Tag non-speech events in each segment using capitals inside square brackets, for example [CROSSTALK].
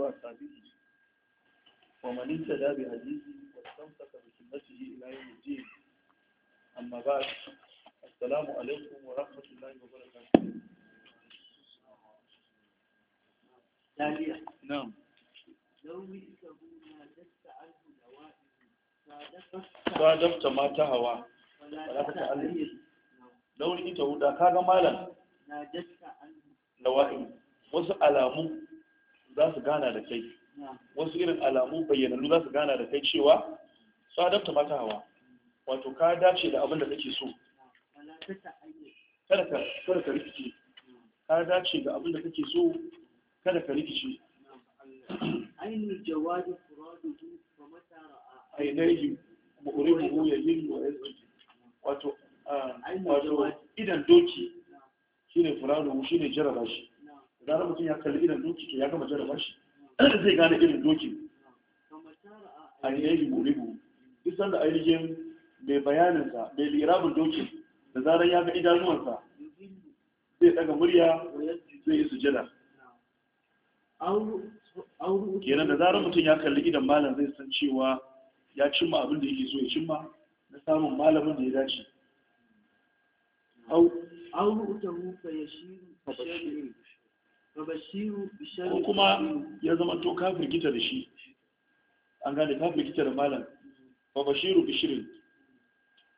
آله وأصحابه ومن اهتدى بهديه واستمسك بسنته إلى يوم الدين أما بعد السلام عليكم ورحمة الله وبركاته نعم لو بئسه ما دست da kaga malam na dasta an lawa'in wasu alamu za su gana da kai wasu irin alamu bayyanannu za su gana da kai cewa su adabta mata hawa wato ka dace da abin da kake so kada ka rikici ka dace da abin da kake so kada ka rikici ainihin jawadi furaduhu wa matara a ah, ainihin ya yi wa wato idan doki shine furaduhu shine jarraba shi gara mutum ya kalli irin doki to ya gama jarraba shi [CLEARS THROAT] zai gane irin dokin a yayi buribu isan da ainihin mai bayaninsa mai lirabin doki da zarar ya ga idanuwansa zai daga murya zai yi sujada kenan da zarar mutum ya kalli idan malam zai san cewa ya cimma abin da yake so ya cimma na samun malamin da ya dace ko kuma ya zama to kafin firgita da shi an gane kafin firgita da malam fa bashiru bishirin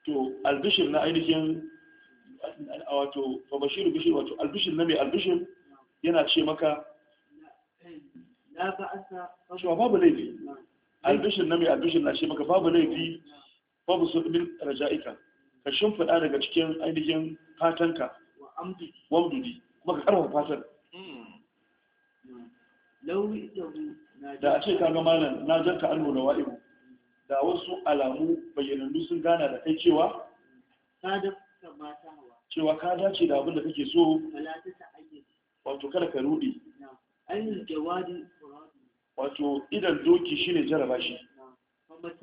to albishir na ainihin wato fa bashiru bishir wato albishir na mai albishir yana ce maka la babu laifi albishir na mai albishir na ce maka babu laifi babu sulmin raja'ika ka shimfiɗa daga cikin ainihin fatanka wamdudi kuma ka karfafa fatan da a ce kaga malam na jarta annu na wa'ibu da wasu alamu bayyanannu sun gana da kai cewa cewa ka dace da abin da kake so wato kada ka rudi wato idan doki shine jaraba shi duk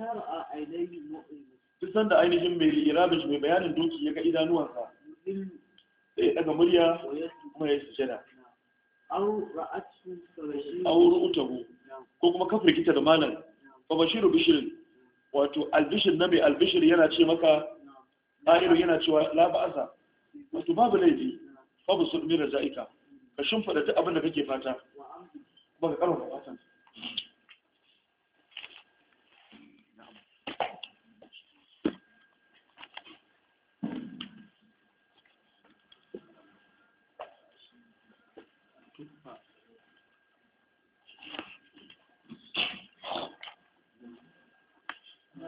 da ainihin mai irabin mai bayanin doki ya ga idanuwansa sai daga murya kuma ya sujada aw ru'tahu ko kuma ka firgita da malam fa bashiru bishirin wato albishir na mai albishir yana ce maka ɗahiru yana cewa la ba'asa wato babu laifi babu sun da za'ika ka shimfada duk abin da kake fata kuma ka karfafa fatan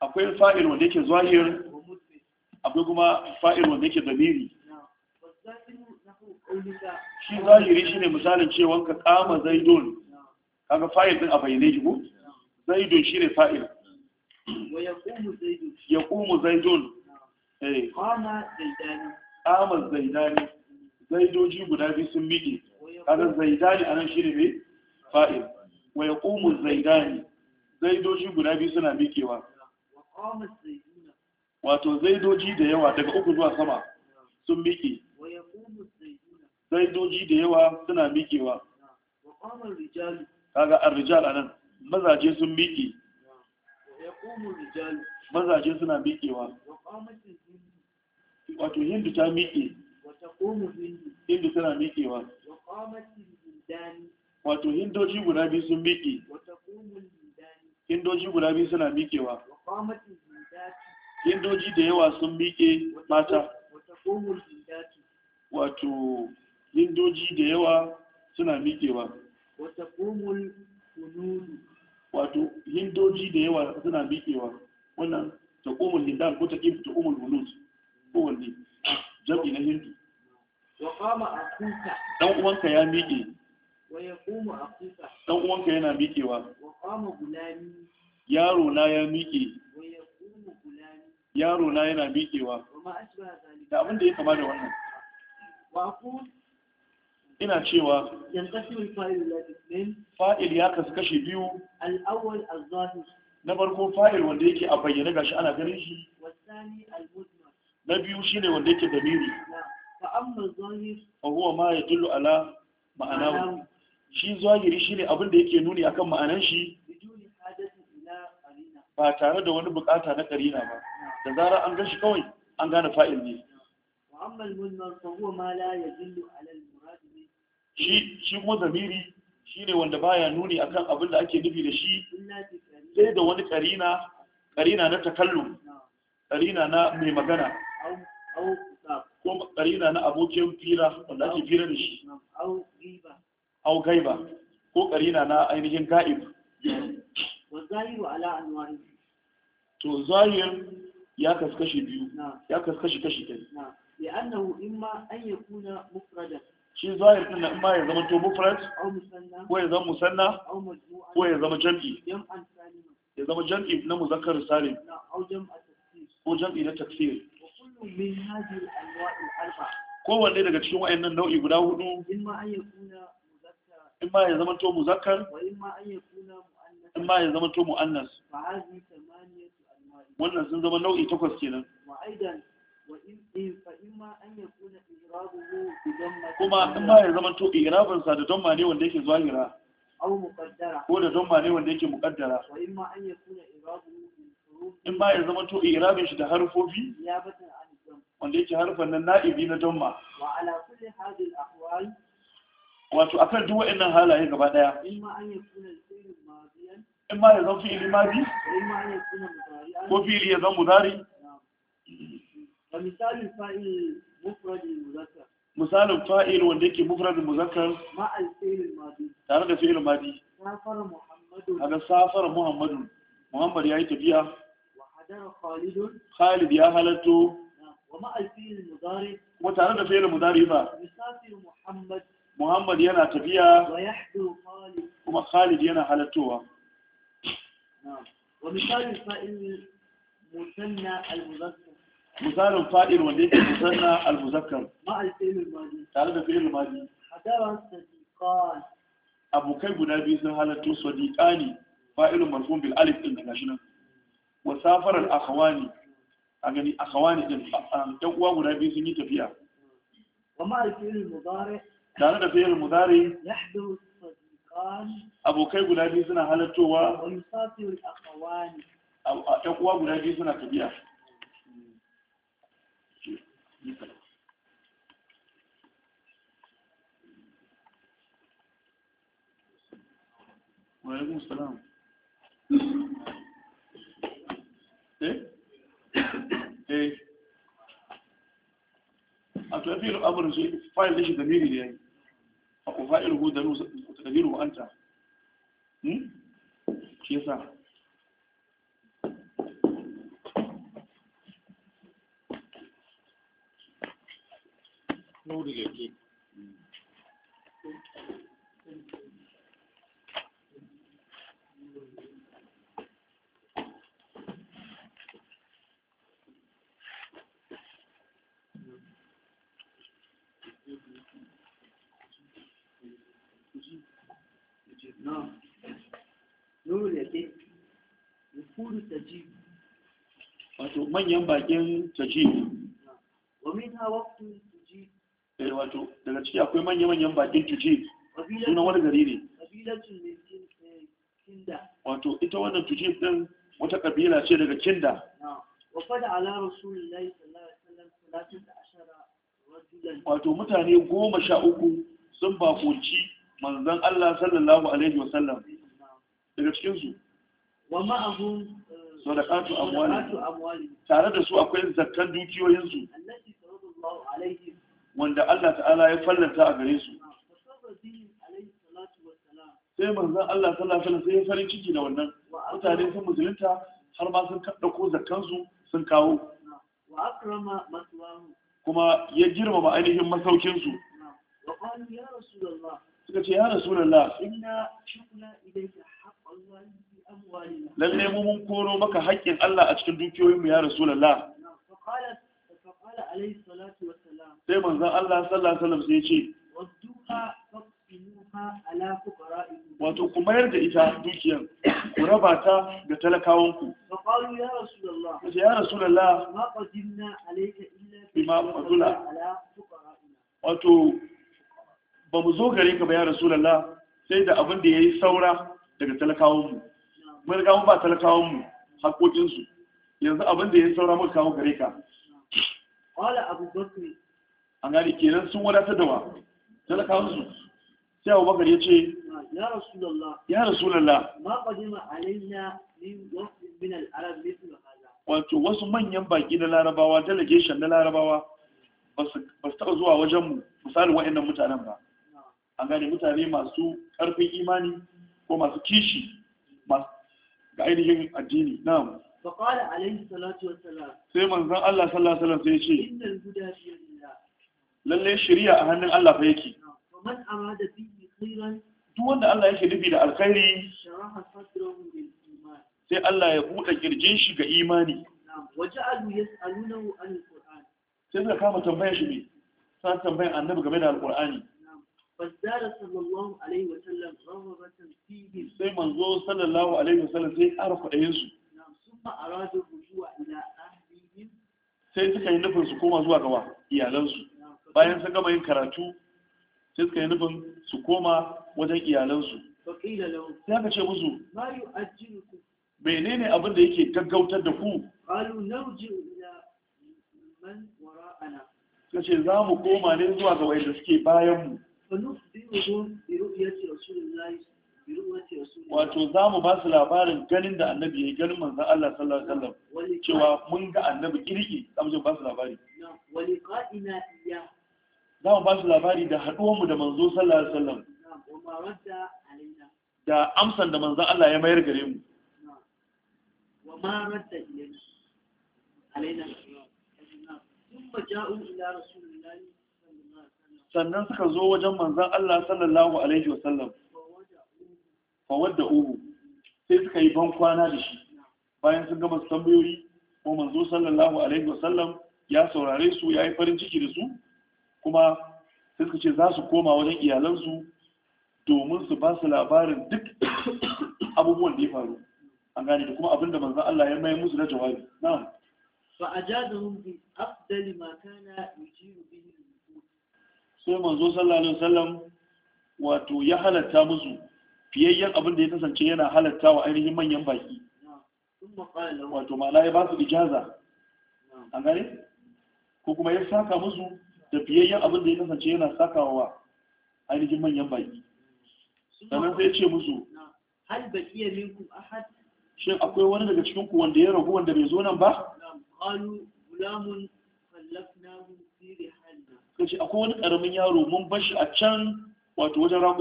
akwai fa'il wanda yake zahir akwai kuma fa'il wanda yake zamiri shi zahiri shi ne misalin cewa ka kama zaidon. kaga fa'il din a bayyane shi ko zaidun shine fa'il ya kumu zaidun eh kama zaidani kama zaidani zaidoji guda biyu sun miƙe kaga zaidani anan shine mai fa'il wa ya yaqumu zaidani zaidoji guda biyu suna miƙewa wato zaidoji da yawa daga uku zuwa sama sun miƙe zaidoji da yawa suna miƙewa kaga arrijal anan mazaje sun miƙe mazaje suna miƙewa wato hindu ta miƙe hindu suna miƙewa wato hindoji guda biyu sun miƙe hindoji guda biyu suna miƙewa Hindoji da yawa sun miƙe mata. Wato, hindoji da yawa suna miƙewa. Wato, hindoji da yawa suna miƙewa. Wannan ta ƙomul hindan ko ta ƙi ta ƙomul hunus ko wanne jam'i na hindu. Dan uwanka ya miƙe. Dan uwanka yana miƙewa. yaro na ya miƙe yaro na yana miƙewa da abinda ya kama da wannan ina cewa fa'il ya kasu kashe biyu na farko fa'il wanda yake a bayyana gashi ana ganin shi na biyu shi ne wanda yake da miri ahuwa ma ya yadullu ala ma’ana shi zahiri shi ne abinda yake nuni akan ma'anan shi ba tare da wani bukata na karina ba da zarar an gashi kawai an gane fa'il ne shi shi kuma zamiri shi ne wanda baya nuni akan abin da ake nufi da shi sai da wani karina karina na takallu, karina na mai magana ko karina na abokin fira wanda ake fira da shi au gaiba ko karina na ainihin ga'ib zahiru ala anwari to zahir ya kaskashi biyu ya kaskashi kashi ɗari ya annahu imma an yakuna mufradan shi zahir din nan ma ya zama to mufrad ko ya zama musanna ko ya zama jam'i ya zama jam'i na muzakkar salim ko jam'i na tafsir kowanne daga cikin wa'annan nau'i guda hudu in ma ya zama to muzakkar in ma ya zama to mu'annas wannan sun zama nau'i takwas kenan eh, kuma in ma ya zama to irabin sa da domma ne wanda yake zahira ko da domma ne wanda yake mukaddara in ma ya zama to irabin shi da harfofi wanda yake harfan nan na'ibi na domma wato akan duk wa'annan halaye gaba daya in ma ya zan fi ilimaji ko fili ya zan mudari misalin fa'il fa'il wanda yake mufradin muzakkar tare da fi'il madi ga safar muhammadu muhammad ya yi tafiya khalid ya halatto kuma tare da fi'il mudari ba muhammad yana tafiya kuma khalid yana halattowa نعم ومثال الفائل مثنى المذكر مثال الفائل وليس مثنى المذكر مع الفعل الماضي تعالى الفعل الماضي حضر صديقان أبو كلب نبي زهالة صديقاني فائل مرفوع بالالف إن نجاشنا وسافر الأخواني أغني أخواني إن يقوى نبي زني وما ومع الفعل المضارع تعالى الفعل المضارع يحدث abokai guda biyu suna halittowa a uwa guda biyu suna tabiya وعليكم السلام ايه ايه a su fayil da fa'iluhu da taqdiru anta hmm shi nuri yake nuru da ke nufuru ta ji wato manyan bakin ta ji wamin hawa ta ji eh, wato daga ciki akwai manya-manyan bakin ta ji sunan wani gari ne eh, wato ita wannan tujib ɗin wata kabila ce daga kinda wato mutane goma sha uku sun bakunci manzon Allah sallallahu alaihi wasallam daga cikin su wa ma'ahu eh, sadaqatu amwali tare da su akwai zakkan dukiyoyin su wanda Allah ta'ala ya fallanta a gare su sai manzon Allah sallallahu alaihi wasallam sai ya farin ciki da wannan mutane sun musulunta har ma sun dauko zakkan su sun kawo kuma ya girmama ainihin masaukinsu suka ce ya rasulullah inna shukla ilayka lalle mu mun koro maka haƙƙin Allah a cikin dukiyoyin mu ya rasulullah sai manzon Allah sallallahu alaihi wasallam sai ya ce wato ku mayar da ita dukiyan ku raba ta ga talakawanku kace ya rasulullah ma qadimna alayka illa bima fadula wato ba mu zo gare ka ba ya rasulullah sai da abin da ya yi saura daga talakawun mu mun riga ba talakawun mu haƙoƙinsu, yanzu abin da ya yi saura muka kawo gare ka qala abu bakr an gani kenan sun wadatar da wa talakawan su sai abu bakar ya ce ya rasulallah ma qadima alaina min wasfin min wato wasu manyan baki na larabawa delegation na larabawa ba su taɓa zuwa wajenmu misalin wa'annan mutanen ba an gane mutane masu ƙarfin imani ko masu kishi ga ainihin addini na na'am faqala alayhi salatu wassalam sai manzon Allah sallallahu alaihi wasallam sai ya ce innal huda fi lalle shari'a a hannun Allah fa yake man arada bihi khairan duk wanda Allah yake nufi da alkhairi sai Allah ya buɗe kirjin shi ga imani waja'alu yas'alunahu an sai suka kama tambayar shi ne sai tambayar annabi game da Alƙur'ani. فازداد صلى الله عليه وسلم رغبة فيهم sai manzo sallallahu alaihi wasallam sai ƙara kwaɗayin su summa aradu rujua ila ahlihim sai suka yi nufin su koma zuwa gaba iyalansu bayan sun gama yin karatu sai suka yi nufin su koma wajen iyalansu sai aka ce musu menene abin da yake gaggautar da ku suka ce za mu koma ne zuwa ga da suke bayan mu wato za mu ba su labarin ganin da annabi ya ganin manzan Allah sallallahu alaihi wasallam cewa mun ga annabi kirki za mu ba su labari za mu ba su labari da haɗuwanmu da manzo sallallahu alaihi wasallam da amsan da manzan Allah ya mayar gare mu ثم جاءوا إلى رسول الله sannan suka zo wajen manzan Allah sallallahu alaihi wasallam a wadda uhu sai suka yi ban kwana da shi bayan sun gama tambayoyi ko manzo sallallahu alaihi wasallam ya saurare su ya yi farin ciki da su kuma sai suka ce za su koma wajen iyalansu domin su ba su labarin duk abubuwan da ya faru an gane da kuma abinda manzan Allah ya mai musu na jawabi na'am fa ajadahum bi afdali ma kana yujiru bihi sai manzo sallallahu alaihi wasallam wato ya halatta musu fiyayyen abin da ya kasance yana halatta wa ainihin manyan baki wato ma'ana ya ba su ijaza an gane ko kuma ya saka musu da fiyayyen abin da ya kasance yana sakawa wa ainihin manyan baki sannan sai ya ce musu hal ahad shin akwai wani daga cikin ku wanda ya ragu wanda bai zo nan ba qalu gulamun fi ka ce akwai wani ƙaramin yaro mun bar shi a can wato wajen a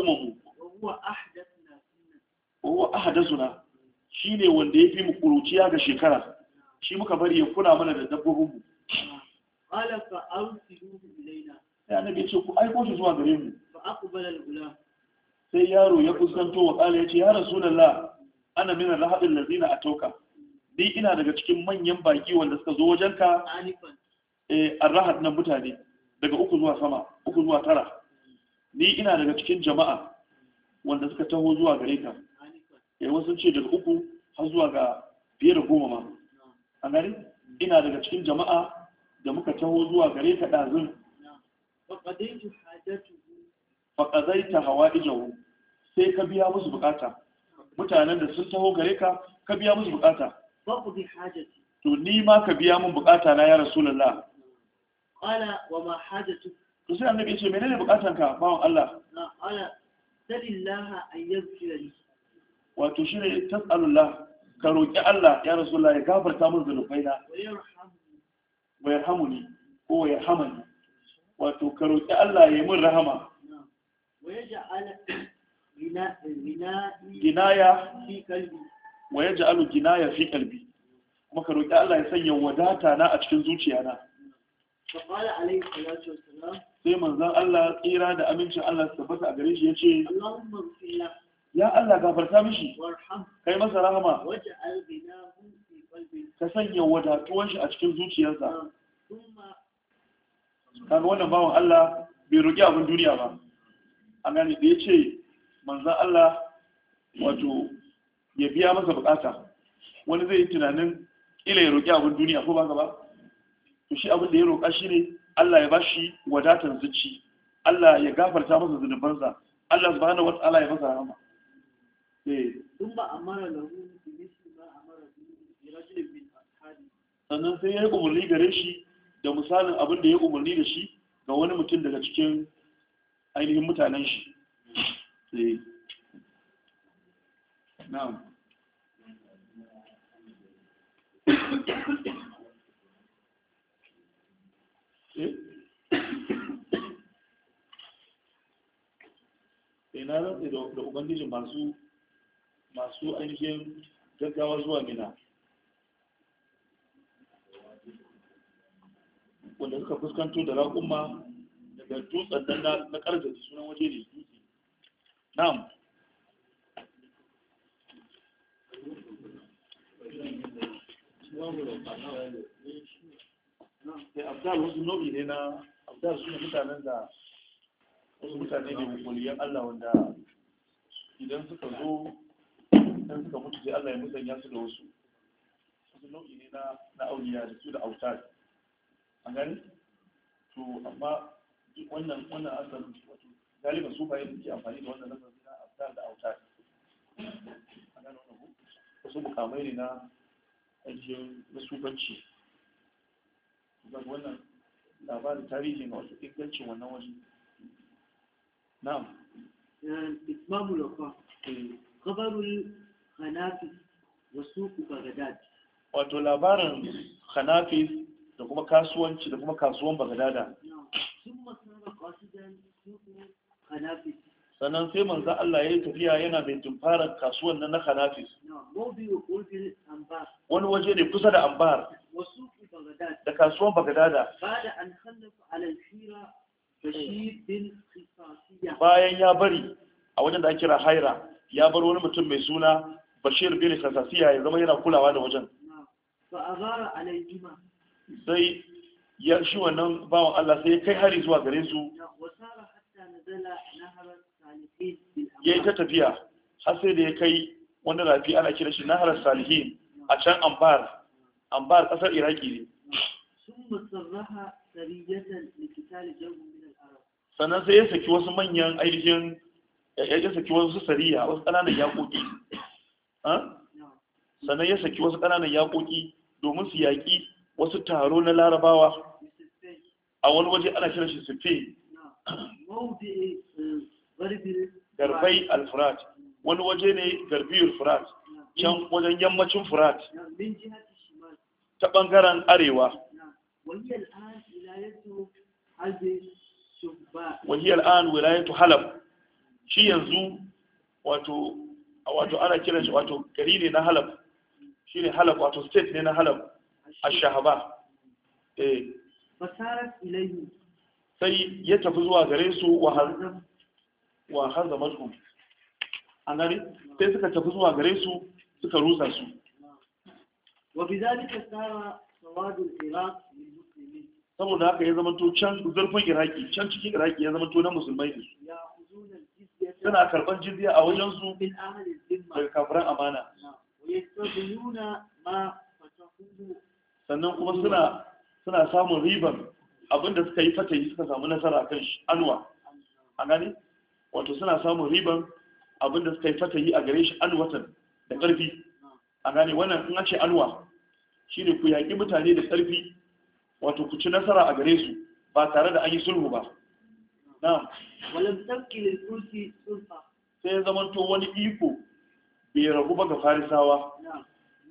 wawa suna shi ne wanda ya fi mu ƙuruciya ga shekara shi muka bari ya kula mana da dabbobinmu ya ce ku aiko shi zuwa gare mu sai yaro ya fuskanto wa ƙala ya ce ya rasu rasulallah ana mina lahadin lazina a tauka ni ina daga cikin manyan baki wanda suka zo wajenka a eh, rahad na mutane daga uku zuwa sama uku zuwa tara ni ina daga cikin jama'a wanda suka taho zuwa gare ka ya eh, wasu ce daga uku har zuwa ga fiye da goma ma a gari ina daga cikin jama'a da muka taho zuwa gare ka ɗazin faƙazai ta hawa ijawo sai ka biya musu bukata mutanen da sun taho gare ka ka biya musu bukata to ni ma ka biya mun bukata na ya rasulullah qala wa ma hajatu to sai ce menene bukatanka bawon Allah wato shine tas'alullah ka roƙi Allah ya rasulullah ya gafarta min zunubaina wa yarhamuni ko wato ka roƙi Allah ya yi min rahama wa yaj'al fi fi kuma ka roƙi Allah ya sanya wadata na a cikin zuciyana sai manzan Allah tsira da amincin Allah su tabbata a gare shi ya ce ya Allah gafarta mishi kai masa rahama ka sanya wadatuwan shi a cikin zuciyarsa Ka ga wannan bawan Allah bai roƙi abin duniya ba a gani da ya ce manzan Allah wato ya biya masa bukata wani zai yi tunanin ila ya roƙi abin duniya ko ba ka ba shi abin da ya roƙa shi ne Allah ya bashi wadatar zuci Allah ya gafarta masa zunubansa Allah subhanahu wa ta'ala ya masa rahama eh thumma amara lahu bi ma amara bi rajulin min ashabi sannan sai ya umarni gare shi da misalin abin da ya umarni da shi ga wani mutum daga cikin ainihin mutanen shi eh na'am sai eh, na rantsi da ubangiji masu masu ainihin gaggawa zuwa mina wanda suka fuskanto da raƙumma daga dutsen nan na ƙarfe da sunan waje ne dutse na'am Thank sai abdal wasu nau'i ne na abdal su ne mutanen da wasu mutane ne waliyan Allah wanda idan suka zo idan suka mutu sai Allah ya musanya su da wasu wasu nau'i ne na na auliya da su da autar an gani to amma wannan wannan asal wato galiban su bayan suke amfani da wannan nasarar na abdal da autar an gani wannan wasu mukamai ne na ainihin na sufanci zan wannan labarin wasu ingancin wannan na'am ismamu eh. kabarul hanafi wato labarin hanafi da kuma kasuwanci da kuma kasuwan bagadada sannan sai manzan Allah ya yi tafiya yana mai tumfarar kasuwan na Hanafis wani waje ne kusa da Ambar wasu da kasuwan Bagdada bayan ya bari a wajen da ake kira Haira ya bar wani mutum mai suna Bashir bin kasasiya ya zama yana kulawa da wajen sai ya shi wannan bawan Allah sai ya kai hari zuwa gare su ya yi ta tafiya har sai da ya kai wani rafi ana kira shi naharar salihin a can ambar ambar kasar iraki ne sannan sai ya saki wasu manyan ainihin ya saki wasu sariya wasu ƙananan yaƙoƙi sannan ya saki wasu ƙananan yaƙoƙi domin su yaƙi wasu taro na larabawa a wani waje ana kiran shi sufe garbai alfurat wani waje ne garbi alfurat can wajen yammacin furat ta ɓangaren arewa وهي الآن ولاية Halab. شباك وهي الآن ولاية حلب شي wato ana kiran shi wato gari ne na halab shi ne halab wato state ne na halab a shahaba eh sai ya tafi zuwa gare su wa harza zama a gari sai suka tafi zuwa gare su suka rusa su wa bizalika sara sawadul iraq saboda haka ya zama to can zurfin iraki can cikin iraki ya zama to na musulmai ne suna karban jizya a wajen su daga kafiran amana sannan kuma suna suna samun riban abinda suka yi yi suka samu nasara kan shi anwa a gani wato suna samun riban abinda suka yi yi a gare shi anwatan da ƙarfi a gane wannan in ce anwa shi ne ku yaƙi mutane da ƙarfi wato ku ci nasara a gare su ba tare da an yi sulhu ba na walam tabki lil kursi sai ya zama to wani iko bai rabu ba ga farisawa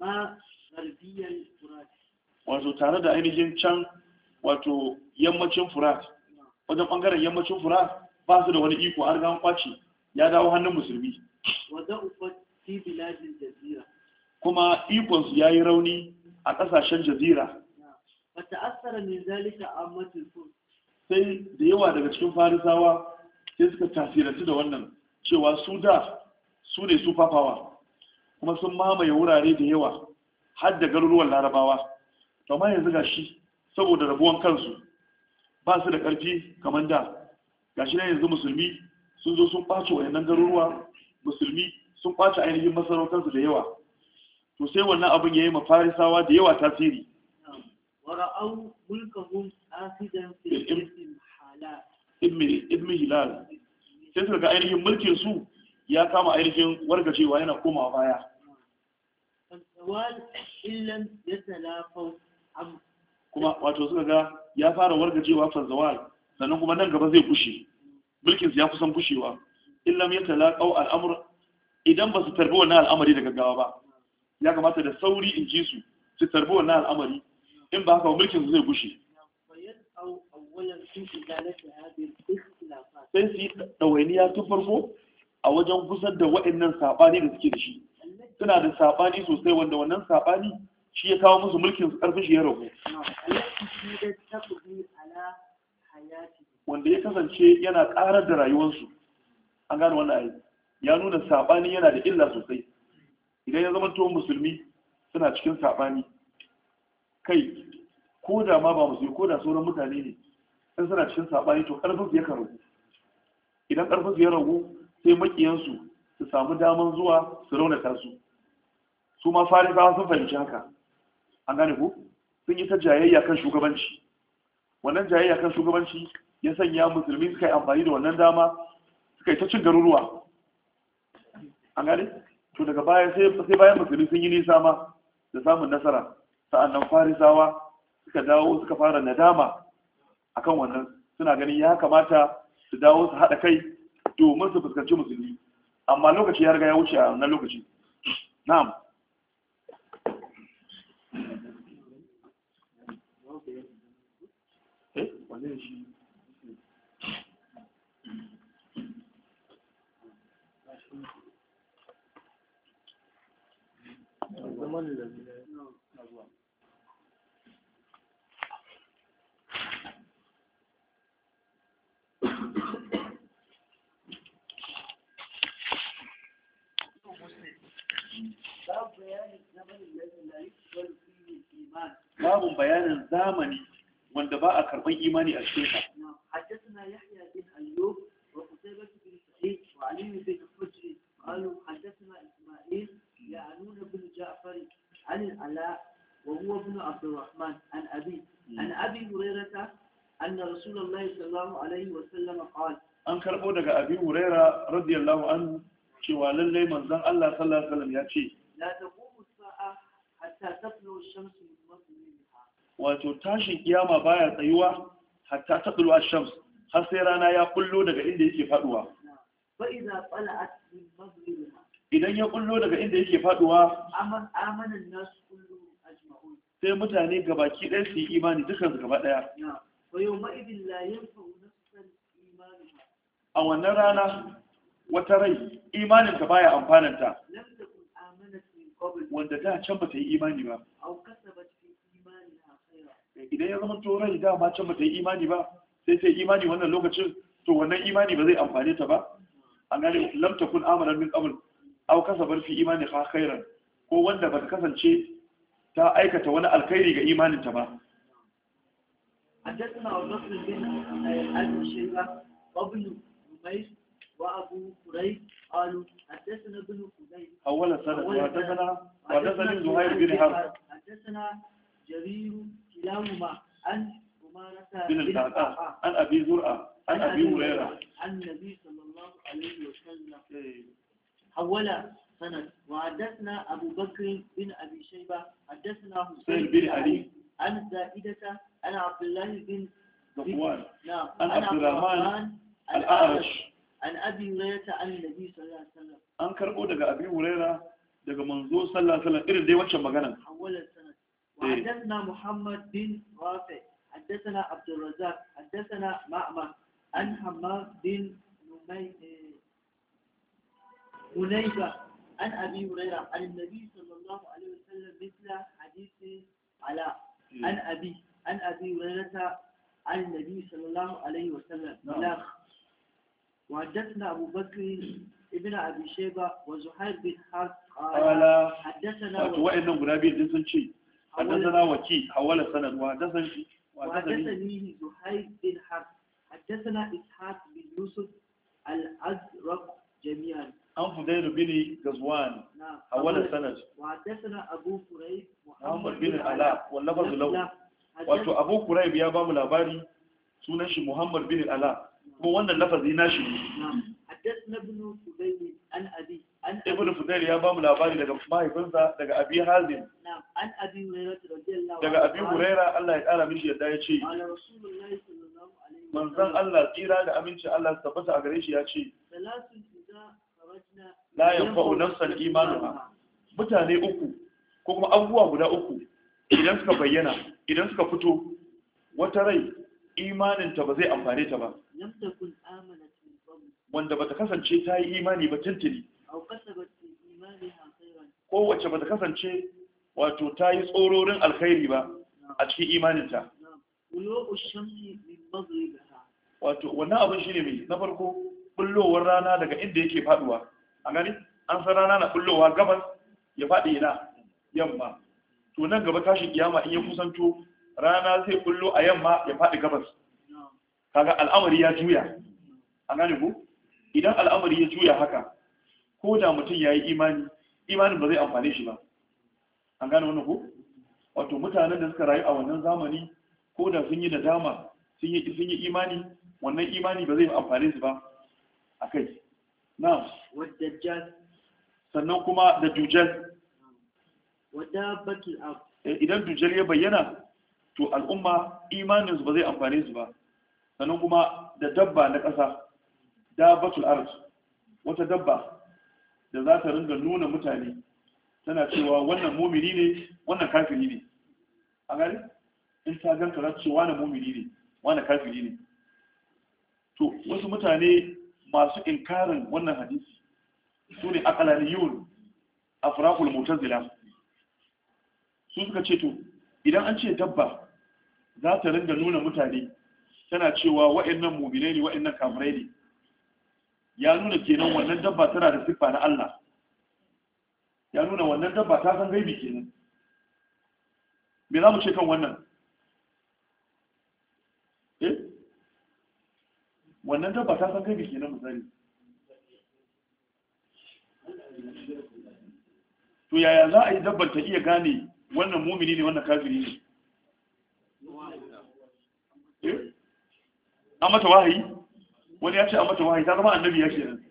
ma furat wato tare da ainihin can wato yammacin furat wajen bangaren yammacin furat ba su da wani iko an gama kwaci ya dawo hannun musulmi kuma ikonsu ya yi rauni a ƙasashen jazira fata'assara min zalika ammatul furs sai da yawa daga cikin farisawa sai suka tasirantu da wannan cewa su da su ne su fafawa kuma sun mamaye wurare da yawa har da garuruwan larabawa amma yanzu gashi, saboda rabuwan kansu ba su da ƙarfi kamar da Gashi na yanzu musulmi sun zo sun ɓace wayannan garuruwa musulmi sun ɓace ainihin masarautarsu da yawa to sai wannan abin ya yi ma farisawa da yawa tasiri ورأوا ملكهم آخذا في الإرث حالات ابن هلال sai suka ga ainihin mulkin su ya kama ainihin wargacewa yana komawa baya kuma wato suka ga ya fara wargacewa fanzawal sannan kuma nan gaba zai kushe mulkin su ya kusan kushewa illam ya talaqau al'amur idan ba su tarbi wannan al'amari da gaggawa ba ya kamata da sauri in ji su su tarbi wannan al'amari in ba haka mulkin zai gushe sai su yi ɗawainiya tun farko a wajen kusan da waɗannan saɓani da suke da shi suna da saɓani sosai wanda wannan saɓani shi ya kawo musu mulkin su ƙarfin shi ya rabu wanda ya kasance yana ƙarar da rayuwarsu an gano wannan ayi ya nuna saɓani yana da illa sosai idan ya zama musulmi suna cikin saɓani kai ko da ma ba musu ko da sauran mutane ne in suna cikin saɓani to ƙarfin ya kan ragu idan ƙarfin ya ragu sai maƙiyansu su samu daman zuwa su raunata su su ma farisawa sun fahimci haka an gane ku sun yi ta jayayya kan shugabanci wannan jayayya kan shugabanci ya sanya musulmi suka yi amfani da wannan dama suka yi ta cin garuruwa an gane to daga baya sai bayan musulmi sun yi nisa ma da samun nasara sa'annan farisawa suka dawo suka fara nadama akan wannan suna ganin ya kamata su dawo su haɗa kai domin su fuskanci musulmi amma lokaci ya riga ya wuce a wannan lokaci na'am eh, babun bayanin zamani wanda ba a karban imani a cikin sa حدثنا يحيى بن ايوب وقتيبة بن سعيد وعلي بن حجر قالوا حدثنا اسماعيل يعنون بن جعفر عن العلاء وهو ابن عبد الرحمن عن ابي عن ابي هريرة ان رسول الله صلى الله عليه وسلم قال an karɓo daga Abin huraira radiyallahu an cewa lallai manzon Allah sallallahu alaihi ya ce wato tashin kiyama baya tsayuwa hatta taqlu ash-shams har sai rana ya kullo daga inda yake faduwa idan ya kullo daga inda yake faduwa sai mutane gabaki ɗaya su yi imani dukkan su gaba ɗaya a wannan rana wata rai imaninka baya amfananta wanda da can ba ta yi imani ba idan ya zama to da ma can ba ta yi imani ba sai sai yi imani wannan lokacin to wannan imani ba zai amfane ta ba an gane lam takun amalan min qabl aw kasabar fi imani ha khairan ko wanda ba ta kasance ta aikata wani alkhairi ga imanin ta ba حدثنا عبد الله بن ابي شيبه وابن رميس وأبو قريب قالوا حدثنا ابن قريب اولا سنة وحدثنا وحدثنا زهير بن حرب حدثنا جرير كلاهما عن عمارة بن القعقاع عن أبي زرعة عن أبي هريرة عن النبي صلى الله عليه وسلم حول إيه. سند وحدثنا أبو بكر بن أبي شيبة حدثنا حسين بن علي عن زائدة عن عبد الله بن صفوان نعم عن عبد الرحمن الأعرج abi hurairata an nabi sallallahu alaihi an karbo daga abin huraira daga manzo sallallahu alaihi wasallam irin dai wancan maganan awwalan eh. muhammad bin rafi haddathna abd arrazzaq haddathna ma'mar an hammad bin numay eh, an abi huraira an nabi sallallahu alaihi wasallam mithla hadith ala eh. an abi an abi hurairata عن النبي صلى الله عليه وحدثنا أبو بكر ابن أبي شيبة وزهير بن حرب قال حدثنا وإن غرابي دين شيء حدثنا وكي حول سند وحدثني وحدثني زهير بن حرب حدثنا إسحاق بن يوسف الأزرق جميعا عن فضيل بن غزوان حول سند وحدثنا أبو كريب محمد بن علاء واللفظ له wato abu kuraib ya ba mu labari sunan shi muhammad bin ala kuma wannan lafazi na shi حدثنا ابن فديل عن أبي عن ابن فديل daga mahaifinsa daga Abi Hazim daga Abi Huraira Allah ya kara mishi yadda ya ce على manzon Allah tsira da aminci Allah ya tabbata a gare shi ya ce salasun idza kharajna la yanfa'u nafsan imanuha mutane uku ko kuma abubuwa guda uku idan suka bayyana idan suka fito wata rai imaninta ba zai amfane ta ba wanda bata kasance ta yi imani ba tuntuni wacce bata kasance wato ta yi tsororin alkhairi ba a cikin imaninta wato wannan abin ne mai na farko bullowar rana daga inda yake faduwa a gani an san rana na bullowa gabas ya faɗi ina yamma to nan gaba tashin kiyama in ya kusanto rana sai kullo a yamma ya faɗi gabas kaga al'amari ya juya a gane ku idan al'amari ya juya haka ko da mutum ya yi imani imanin ba zai amfane shi ba an gane wannan ku wato mutanen da suka rayu a wannan zamani ko da sun yi nadama sun yi imani wannan imani ba zai amfane su ba a kai na wadda sannan kuma da dujjal wadda eh, idan dujjal ya bayyana to al'umma imaninsu ba zai amfane su ba sannan kuma da dabba na ƙasa da batul arz wata dabba da za ta ringa nuna mutane tana cewa wannan mumini ne wannan kafiri ne a gari in ta ganta za ta ce wani mumini ne wani kafiri ne to wasu mutane masu inkarin wannan hadisi su ne akalaniyun a firakul mutazila su suka ce to idan an ce dabba za ta ringa nuna mutane tana cewa wa'annan mu'minai ne wa'annan kafirai ne ya nuna kenan wannan dabba tana da siffa na Allah ya nuna wannan dabba ta san gaibi kenan me za mu ce kan wannan eh wannan dabba ta san gaibi kenan sani to yaya za a yi dabbar ta iya gane wannan mumini ne wannan kafiri ne an mata wahayi wani ya ce an mata wahayi ta zama annabi ya nan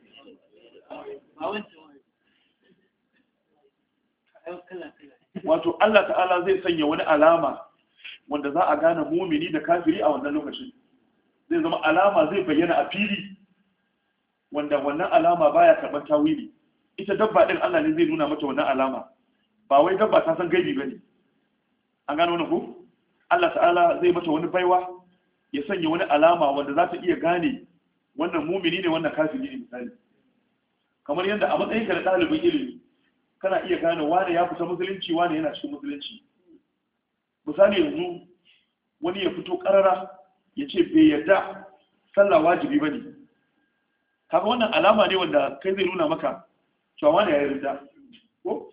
wato Allah ta'ala zai sanya wani alama wanda za a gane mumini da kafiri a wannan lokacin zai zama alama zai bayyana a fili wanda wannan alama baya karɓar tawili ita dabba ɗin Allah ne zai nuna mata wannan alama ba wai dabba ta san gaibi ne. an gano wani ku, Allah ta'ala zai mata wani baiwa ya sanya wani alama wanda za ta iya gane wannan mumini ne wannan kafiri ne misali kamar yadda a matsayinka da ɗalibin ilimi kana iya gane wane ya fita musulunci wane yana cikin musulunci misali yanzu wani ya fito ƙarara ya ce bai yarda sallah wajibi ba ne kaga wannan alama ne wanda kai zai nuna maka cewa wane ya yarda ko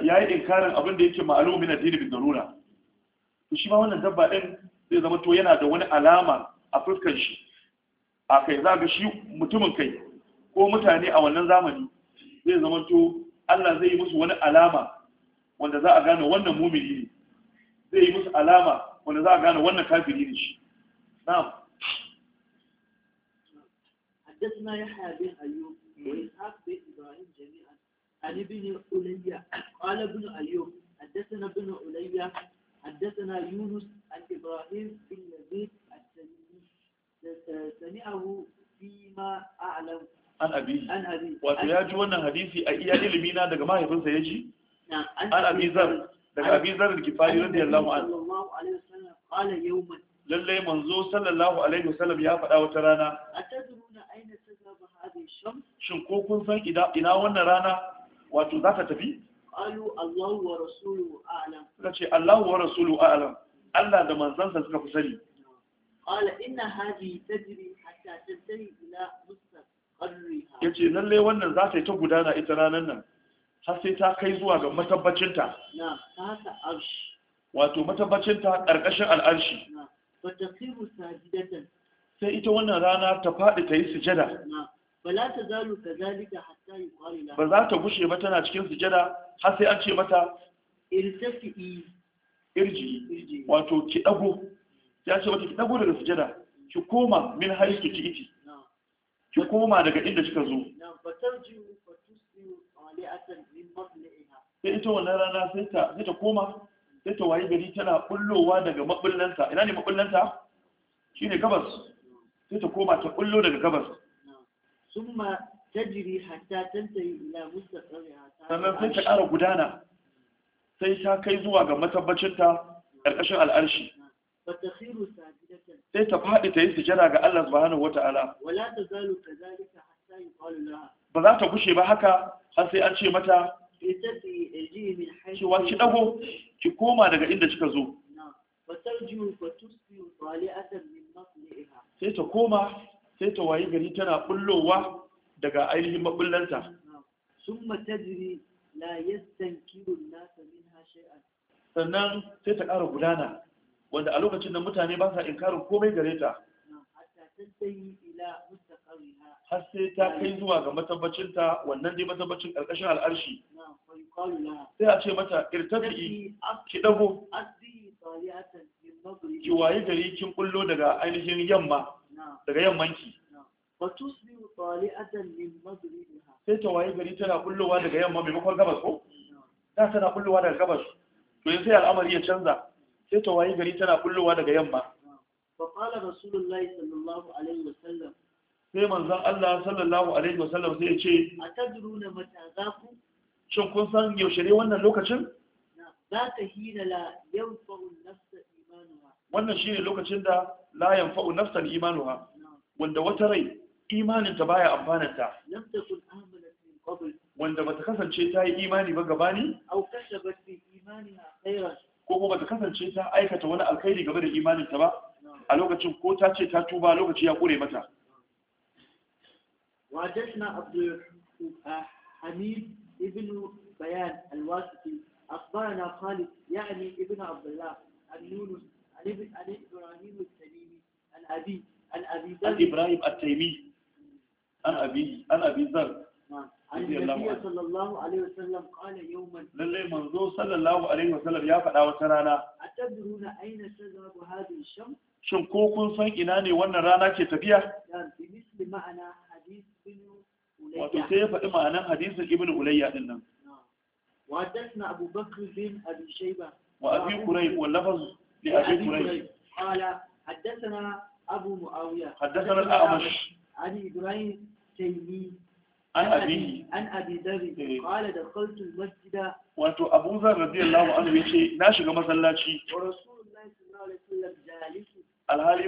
ya yi inkarin abin da yake ma'alumin addini bin darura to shi ma wannan dabba ɗin zai zama to yana da wani alama a fuskar shi a kai za ga shi mutumin kai ko mutane a wannan zamani zai zama to Allah zai yi musu wani alama wanda za a gane wannan mumini ne zai yi musu alama wanda za a gane wannan kafiri ne shi na'am حدثنا يحيى بن أيوب وإسحاق بن إبراهيم جميعا عن ابن أولية قال ابن أيوب حدثنا ابن أولية حدثنا يونس عن إبراهيم بن wato ya ji wannan hadisi a iya ilimi na daga mahaifinsa ya ji an abi zar daga abi zar al-kifari radiyallahu anhu qala yawman lalle manzo sallallahu alaihi wasallam ya faɗa wata rana shin ko kun san ina wannan rana wato za ta tafi suka ce Allahu wa rasuluhu a'lam Allah da manzansa suka fi sani qala inna hadhihi tajri hatta tantahi ila mustaqarriha yace lalle wannan za ta yi ta gudana ita ranan nan har sai ta kai zuwa ga matabbacinta na arshi wato matabbacinta karkashin al'arshi fa sajidatan sai ita wannan rana ta faɗi ta yi sujada na fala tazalu kadhalika hatta ba za ta gushe ba tana cikin sujada har sai an ce mata irtafi'i irji wato ki dago ya ce mata ki dago daga sujada ki koma min haisu ki iti ki koma daga inda kika zo sai ita wannan rana sai ta koma sai ta waye gari tana bullowa daga maɓullanta. ina ne Shi ne gabas sai ta koma ta bullo daga gabas summa tajiri hatta ila sannan sai ta ƙara gudana sai ta kai zuwa ga matabbacinta ƙarƙashin al'arshi fatakhiru sajidatan sai ta faɗi ta yi sujada ga Allah subhanahu wata'ala wala tazalu kadhalika hatta yuqalu laha ba za ta gushe ba haka har sai an ce mata cewa ki dago ki koma daga inda kika zo sai ta koma sai ta wayi gari tana bullowa daga ainihin mabullanta summa tajri la sannan sai ta ƙara gudana wanda a lokacin da mutane ba sa in karin komai gare ta har sai ta kai zuwa ga matabbacinta wannan dai matabbacin ƙarƙashin al'arshi sai a ce mata irtafi ki ɗago ki waye gari kin ƙullo daga ainihin yamma daga yammanki fatusbihu tali'atan min magribiha sai tawaye gari tana kullowa daga yamma maimakon gabas ko da tana kullowa daga gabas to yanzu sai al'amari ya canza sai tawaye gari tana kullowa daga yamma fa qala rasulullahi sallallahu alaihi wasallam sai manzon Allah sallallahu alaihi wasallam sai ya ce atadruna mata zaku shin kun san yaushe ne wannan lokacin za ta hina la yanfa'u nafsa imanuha wannan shine lokacin da la yanfa'u nafsan imanuha wanda wata rai imaninta baya amfananta lam takun amanat min qabl wanda bata kasance ta yi imani ba gabani aw kasabat fi imaniha khairan ko kuma bata kasance ta aikata wani alkhairi game da imaninta ba a lokacin ko ta ce ta tuba lokaci ya kure mata wajadna abdul hamid ibn bayan alwasiti أخبرنا خالد alaihi wasallam ya faɗa wata rana atadruna aina tazabu hadhihi shams shin ko kun san ina ne wannan rana ke tafiya wato sai ya faɗi ma'anan hadisin ibn ulayya din nan وحدثنا أبو بكر بن أبي شيبة وأبي قريب واللفظ لأبي قريب قال حدثنا أبو معاوية an abihi an abi dari eh. qala dakhaltu al-masjida wato Abu Zar radiyallahu anhu yace na shiga masallaci wa rasulullahi sallallahu alaihi wasallam jalisu alhali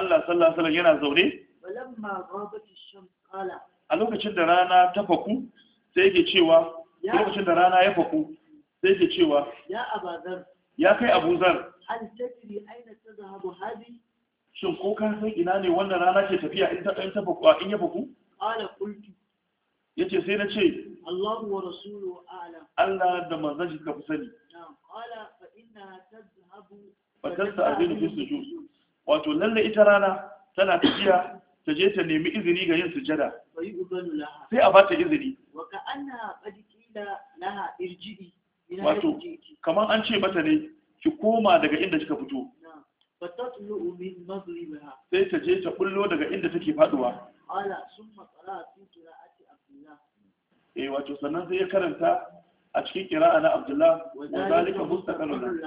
Allah sallallahu alaihi yana zaune walamma ghabat ash-shams qala a lokacin da rana ta faku sai yake cewa lokacin da rana ya kai Abu Zar an tajri aina tadhhabu hadi shin ko ka san ina ne wannan rana ke tafiya in ta in ya faku qala qultu yace sai na ce Allah wa rasulu Allah da manzon shi ka fi sani qala fa innaha tadhhabu fa wato lalle ita rana tana tafiya ta je ta nemi izini ga yin sujada sai a bata izini laha wato kamar an ce mata ne ki koma daga inda kika fito sai ta je ta bullo daga inda take faduwa ala Eh wato sannan zai karanta a cikin kira'a na Abdullah wa zalika mustaqalun.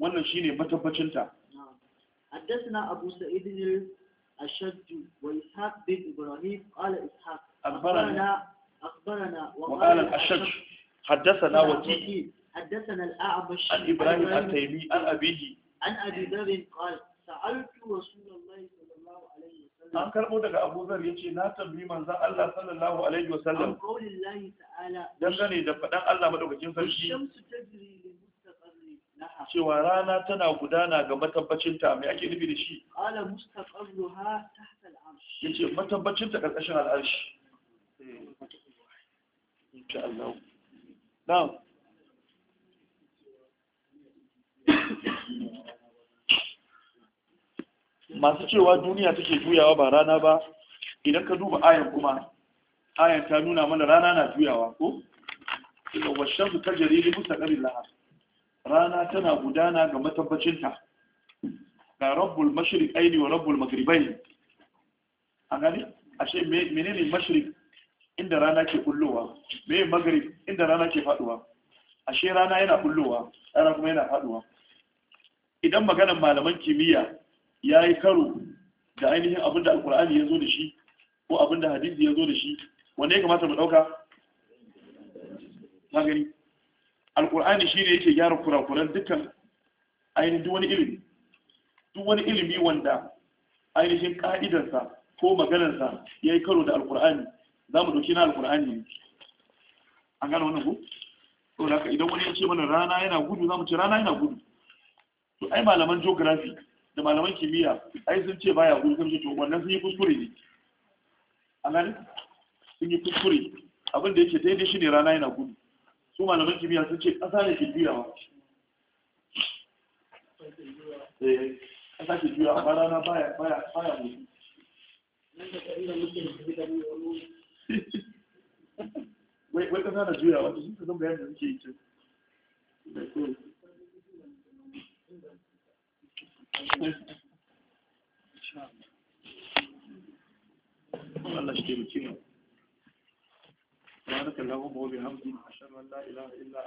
Wannan shine matabbacin ta. Haddathna Abu Sa'id al-Ashadd wa Ishaq bin Ibrahim qala Ishaq akhbarana akhbarana wa qala al-Ashadd haddathana wa tiki haddathana al-A'bash an Ibrahim at-Taymi an Abihi an Abi Dharr qala an karbo daga Abu Zar ce na tambayi manzon Allah sallallahu alaihi wasallam qaulillahi ta'ala dangane da faɗan Allah madaukakin sarki shamsu cewa rana tana gudana ga matabbacin ta mai ake nufi da shi ya mustaqarruha tahta al-arsh matabbacin ta karkashin al masu cewa duniya take juyawa ba rana ba idan ka duba ayan kuma ayan ta nuna mana rana na juyawa ko ila washan su tajari li mustaqarin laha rana tana gudana ga matabbacinta ga rabbul mashriq aini wa rabbul maghribain A gani ashe menene mashriq inda rana ke kullowa me maghrib inda rana ke faduwa ashe rana yana kullowa rana kuma yana faduwa idan maganar malaman kimiyya ya yi karo da ainihin abinda alkur'ani ya zo da shi ko abinda hadisi ya zo da shi wanda ya kamata mu ɗauka na gani alkur'ani shi ne yake gyara kurakuran dukkan ainihin duk wani ilimi duk wani ilimi wanda ainihin ka'idarsa ko maganarsa ya yi karo da alkur'ani za mu ɗauki na alkur'ani ne an gano wannan ku? to da idan wani ya ce mana rana yana gudu za mu ce rana yana gudu to ai malaman geography da malaman kimiyya ai sun ce baya gudu sun ce to wannan sun yi kuskure ne a gani sun yi kuskure abin da yake shi shine rana yana gudu su malaman kimiyya sun ce ƙasa ne ke juya ba eh, ƙasa ke juya ba, rana baya baya baya gudu [LAUGHS] wai ƙasa da juya wata sun ka zan bayan da suke yi ce Allah shi taimake mu subhanakallahumma la ilaha illa